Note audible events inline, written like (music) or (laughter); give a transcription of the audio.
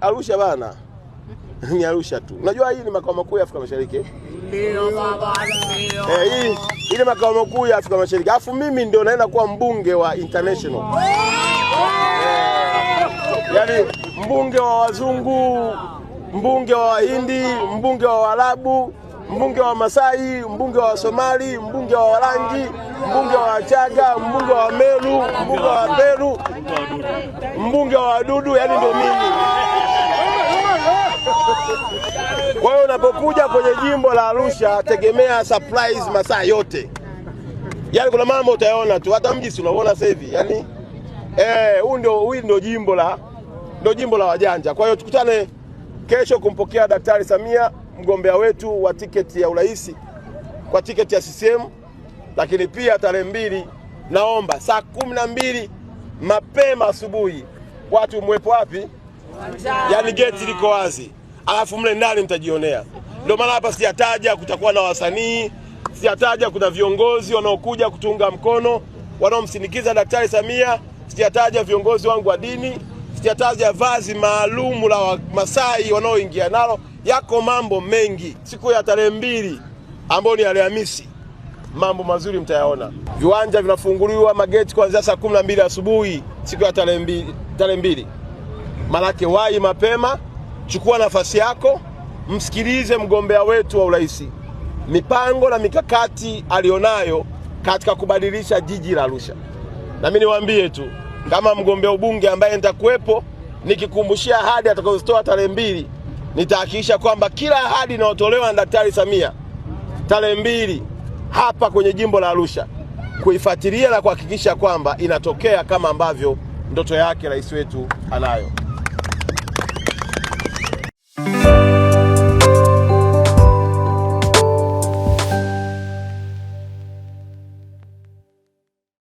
Arusha bana ni Arusha tu. Unajua hii ni makao makuu ya Afrika Mashariki. Ndio baba, ndio. Eh, hii ile makao makuu ya Afrika Mashariki. Alafu mimi ndio naenda kuwa mbunge wa international. Yaani mbunge wa wazungu, mbunge wa Wahindi, mbunge wa Waarabu, mbunge wa Masai, mbunge wa Somali, mbunge wa Warangi, mbunge wa Wachaga, mbunge wa Meru, mbunge wa Peru, mbunge wa wadudu, yani ndio mimi. (laughs) Kwa hiyo unapokuja kwenye jimbo la Arusha tegemea surprise masaa yote. Yaani kuna mambo utayaona tu, hata mji si unaona sasa hivi. Yaani eh, huu ndio huu ndio jimbo la ndio jimbo la wajanja. Kwa hiyo tukutane kesho kumpokea Daktari Samia mgombea wetu wa tiketi ya urais kwa tiketi ya CCM, lakini pia tarehe mbili, naomba saa kumi na mbili mapema asubuhi watu mwepo wapi? Yaani geti liko wazi alafu mle ndani mtajionea. Ndio maana hapa sijataja kutakuwa na wasanii, sijataja kuna viongozi wanaokuja kutunga mkono wanaomsindikiza Daktari Samia, sijataja viongozi wangu wa dini, sijataja vazi maalumu la Wamasai wanaoingia nalo. Yako mambo mengi. Siku ya tarehe mbili ambayo ni Alhamisi, mambo mazuri mtayaona. Viwanja vinafunguliwa mageti kuanzia saa kumi na mbili asubuhi siku ya tarehe mbili, tarehe mbili. Manake wai mapema chukua nafasi yako, msikilize mgombea wetu wa urais, mipango na mikakati alionayo katika kubadilisha jiji la Arusha. na mimi niwaambie tu kama mgombea ubunge ambaye nitakuwepo nikikumbushia ahadi atakazotoa tarehe mbili, nitahakikisha kwamba kila ahadi inayotolewa na Daktari Samia tarehe mbili hapa kwenye jimbo la Arusha kuifuatilia na kuhakikisha kwamba inatokea kama ambavyo ndoto yake rais wetu anayo.